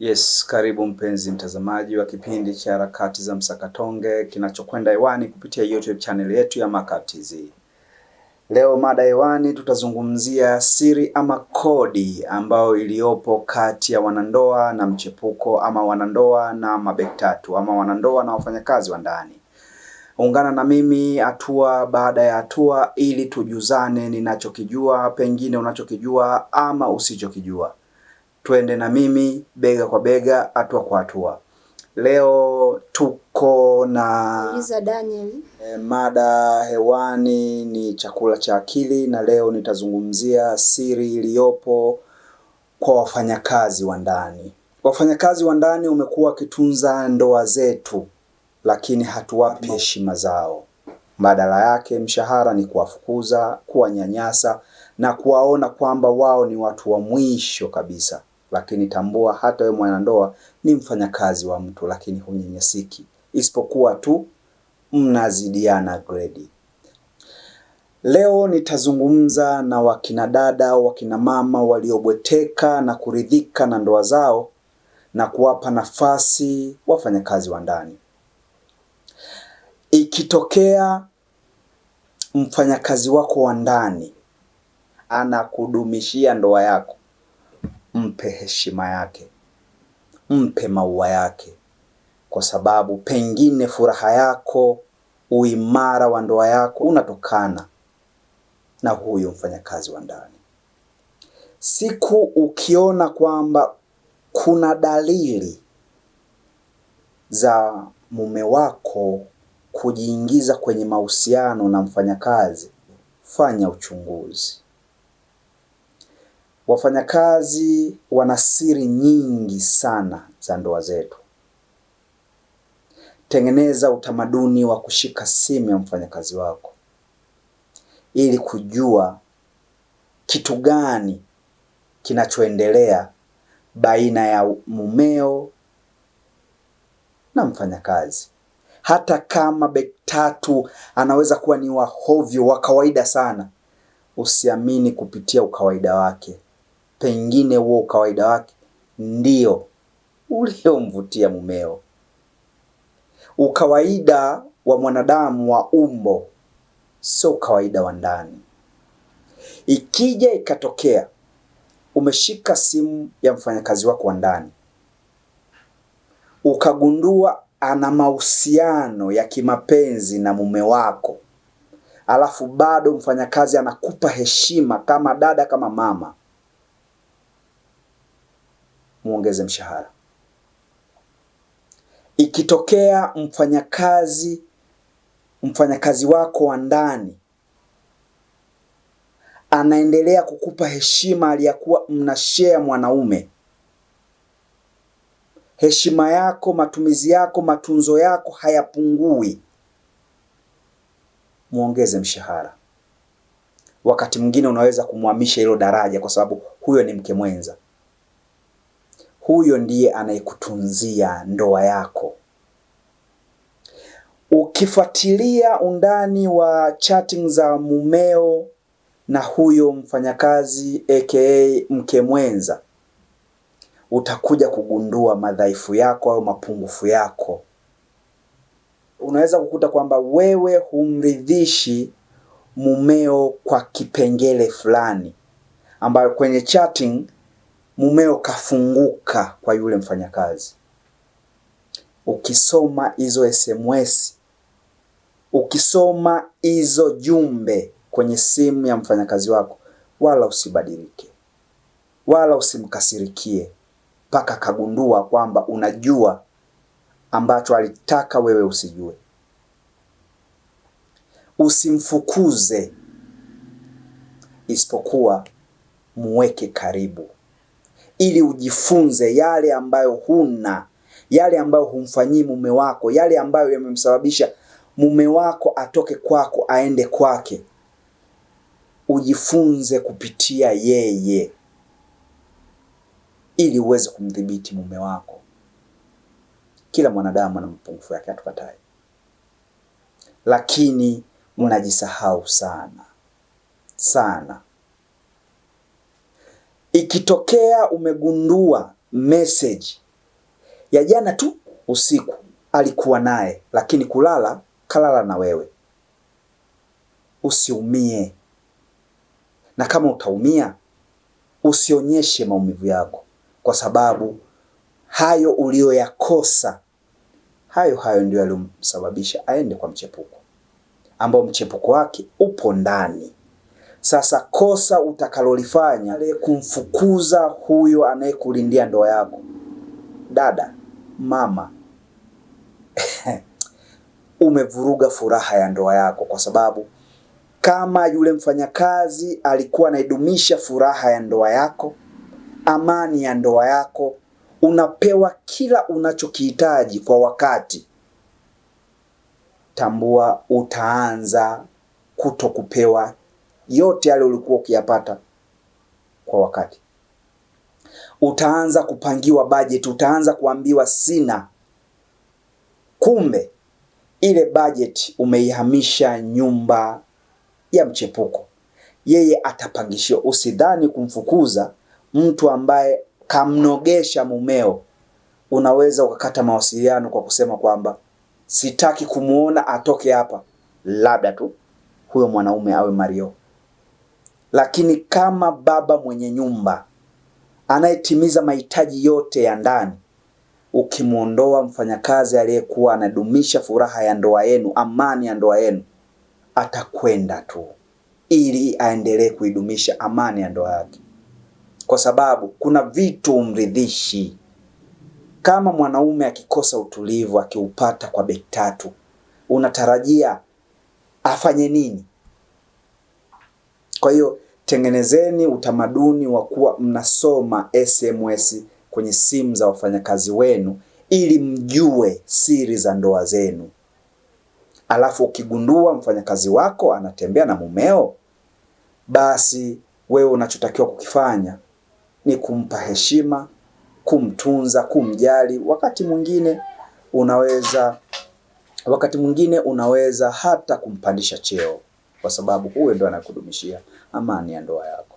Yes, karibu mpenzi mtazamaji wa kipindi cha harakati za msakatonge kinachokwenda hewani kupitia YouTube channel yetu ya MACAPTZ. Leo mada hewani tutazungumzia siri ama kodi ambayo iliyopo kati ya wanandoa na mchepuko ama wanandoa na mabektatu tatu ama wanandoa na wafanyakazi wa ndani. Ungana na mimi hatua baada ya hatua ili tujuzane ninachokijua, pengine unachokijua ama usichokijua twende na mimi bega kwa bega, hatua kwa hatua. Leo tuko na Lisa Daniel. E, mada hewani ni chakula cha akili, na leo nitazungumzia siri iliyopo kwa wafanyakazi wa ndani. Wafanyakazi wa ndani umekuwa wakitunza ndoa zetu, lakini hatuwapi heshima zao. Badala yake mshahara ni kuwafukuza, kuwanyanyasa na kuwaona kwamba wao ni watu wa mwisho kabisa lakini tambua hata wewe mwanandoa ni mfanyakazi wa mtu, lakini hunyanyasiki, isipokuwa tu mnazidiana gredi. Leo nitazungumza na wakina dada, wakina mama waliobweteka na kuridhika na ndoa zao na kuwapa nafasi wafanyakazi wa ndani. Ikitokea mfanyakazi wako wa ndani anakudumishia ndoa yako mpe heshima yake, mpe maua yake, kwa sababu pengine furaha yako, uimara wa ndoa yako unatokana na huyu mfanyakazi wa ndani. Siku ukiona kwamba kuna dalili za mume wako kujiingiza kwenye mahusiano na mfanyakazi, fanya uchunguzi. Wafanyakazi wana siri nyingi sana za ndoa zetu. Tengeneza utamaduni wa kushika simu ya mfanyakazi wako ili kujua kitu gani kinachoendelea baina ya mumeo na mfanyakazi. Hata kama beki tatu anaweza kuwa ni wahovyo wa kawaida sana, usiamini kupitia ukawaida wake pengine huo ukawaida wake ndio uliomvutia mumeo. Ukawaida wa mwanadamu wa umbo sio ukawaida wa ndani. Ikija ikatokea umeshika simu ya mfanyakazi wako wa ndani ukagundua ana mahusiano ya kimapenzi na mume wako, alafu bado mfanyakazi anakupa heshima kama dada, kama mama, muongeze mshahara. Ikitokea mfanyakazi mfanyakazi wako wa ndani anaendelea kukupa heshima aliyakuwa mnashea mwanaume, heshima yako, matumizi yako, matunzo yako hayapungui, muongeze mshahara. Wakati mwingine unaweza kumhamisha hilo daraja, kwa sababu huyo ni mke mwenza huyo ndiye anayekutunzia ndoa yako. Ukifuatilia undani wa chatting za mumeo na huyo mfanyakazi aka mke mwenza, utakuja kugundua madhaifu yako au mapungufu yako. Unaweza kukuta kwamba wewe humridhishi mumeo kwa kipengele fulani ambayo kwenye chatting mumeo kafunguka kwa yule mfanyakazi. Ukisoma hizo SMS, ukisoma hizo jumbe kwenye simu ya mfanyakazi wako, wala usibadilike, wala usimkasirikie mpaka kagundua kwamba unajua ambacho alitaka wewe usijue. Usimfukuze, isipokuwa muweke karibu ili ujifunze yale ambayo huna, yale ambayo humfanyii mume wako, yale ambayo yamemsababisha mume wako atoke kwako aende kwake. Ujifunze kupitia yeye ili uweze kumdhibiti mume wako. Kila mwanadamu ana mapungufu yake, hatukatai, lakini mnajisahau sana sana. Ikitokea umegundua message ya jana tu usiku alikuwa naye, lakini kulala kalala na wewe, usiumie. Na kama utaumia, usionyeshe maumivu yako, kwa sababu hayo uliyoyakosa hayo hayo ndio yaliyomsababisha aende kwa mchepuko, ambao mchepuko wake upo ndani. Sasa kosa utakalolifanya kumfukuza huyo anayekulindia ndoa yako, dada, mama umevuruga furaha ya ndoa yako, kwa sababu kama yule mfanyakazi alikuwa anaidumisha furaha ya ndoa yako, amani ya ndoa yako, unapewa kila unachokihitaji kwa wakati, tambua utaanza kuto kupewa yote yale ulikuwa ukiyapata kwa wakati. Utaanza kupangiwa bajeti, utaanza kuambiwa sina. Kumbe ile bajeti umeihamisha nyumba ya mchepuko, yeye atapangishiwa. Usidhani kumfukuza mtu ambaye kamnogesha mumeo, unaweza ukakata mawasiliano kwa kusema kwamba sitaki kumwona, atoke hapa, labda tu huyo mwanaume awe Mario lakini kama baba mwenye nyumba anayetimiza mahitaji yote ya ndani, ukimwondoa mfanyakazi aliyekuwa anadumisha furaha ya ndoa yenu, amani ya ndoa yenu, atakwenda tu ili aendelee kuidumisha amani ya ndoa yake, kwa sababu kuna vitu umridhishi. Kama mwanaume akikosa utulivu akiupata kwa beki tatu, unatarajia afanye nini? Kwa hiyo tengenezeni utamaduni wa kuwa mnasoma SMS kwenye simu za wafanyakazi wenu ili mjue siri za ndoa zenu. Alafu ukigundua mfanyakazi wako anatembea na mumeo, basi wewe unachotakiwa kukifanya ni kumpa heshima, kumtunza, kumjali. Wakati mwingine unaweza wakati mwingine unaweza hata kumpandisha cheo kwa sababu huyo ndo anakudumishia amani ya ndoa yako.